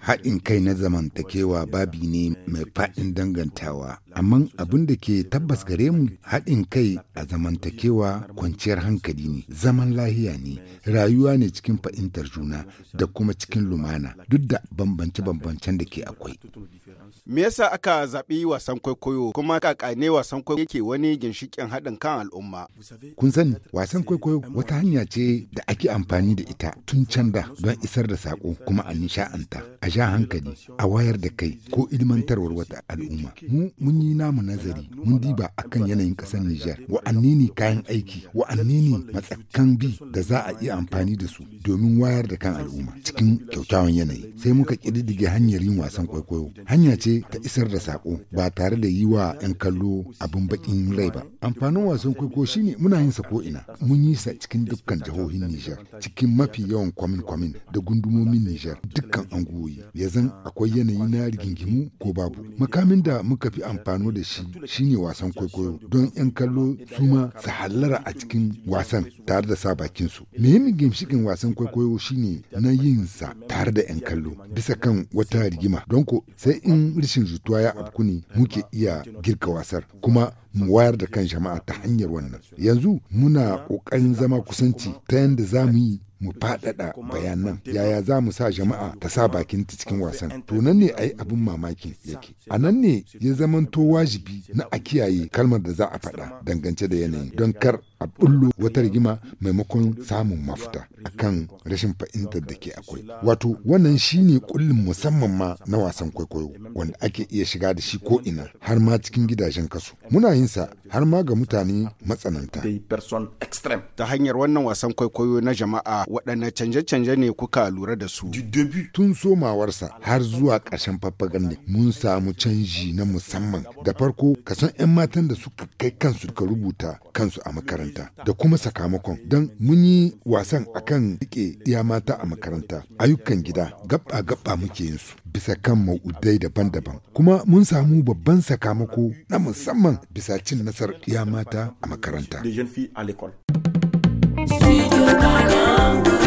haɗin kai na zamantakewa babi ne mai faɗin dangantawa amma abin da ke tabbas gare mu haɗin kai a zamantakewa kwanciyar hankali ne zaman lahiya ne rayuwa ne cikin fahimtar juna da kuma cikin lumana duk da bambance-bambancen da ke akwai me yasa aka zaɓi wasan kwaikwayo kuma kakane wasan kwaikwayo yake wani ginshikin haɗin kan al'umma kun sani wasan kwaikwayo wata hanya ce da ake amfani da ita tun can da don isar da sako kuma a nisha'anta a sha hankali a wayar da kai ko ilmantarwar wata al'umma mu mun yi namu nazari mun diba a kan yanayin ƙasar Nijar wa'anne ne kayan aiki wa'anne ne matsakan bi da za a iya amfani da su domin wayar da kan al'umma cikin kyautawan yanayi sai muka kididdige hanyar yin wasan kwaikwayo hanya ce ta isar da sako ba tare da yi wa 'yan kallo abin bakin rai ba amfanin wasan kwaikwayo shine muna yin sa ko ina mun yi sa cikin dukkan jihohin Nijar cikin mafi yawan kwamin kwamin da gundumomin Nijar dukkan anguwoyi ya zan akwai yanayi na rigingimu ko babu makamin da muka fi amfani amfano da shi shine wasan kwaikwayo don 'yan kallo su ma su hallara a cikin wasan tare da sa bakin su. Muhimmin gimshikin wasan kwaikwayo shine na yin sa tare da 'yan kallo bisa kan wata rigima don ko sai in rishin jituwa ya afku ne muke iya girka wasar kuma mu wayar da kan jama'a ta hanyar wannan. Yanzu muna ƙoƙarin zama kusanci ta yadda za mu yi mu faɗaɗa bayanan yaya za mu sa jama'a ta sa bakin ta cikin wasan to nan ne ai abin mamaki yake a nan ne ya zamanto wajibi na a kiyaye kalmar da za a faɗa dangance da yanayin don kar a bullo wata rigima maimakon samun mafita akan rashin fahimtar da ke akwai wato wannan shine kullum musamman ma na wasan kwaikwayo wanda ake iya shiga da shi ko ina har ma cikin gidajen kasu muna yin sa har ma ga mutane matsananta ta hanyar wannan wasan kwaikwayo na jama'a waɗanne canje-canje ne kuka lura da su? Tun somawarsa har zuwa ƙarshen faffagan ne mun samu canji na musamman da farko kasan 'yan matan da suka kai kansu ka rubuta kansu a makaranta da kuma sakamakon don mun yi wasan akan rike iya mata a makaranta ayyukan gida gaba-gaba muke yin su bisa kan ma'udai daban-daban kuma mun samu babban sakamako na musamman bisa cin nasarar iya mata a makaranta. See you, my love.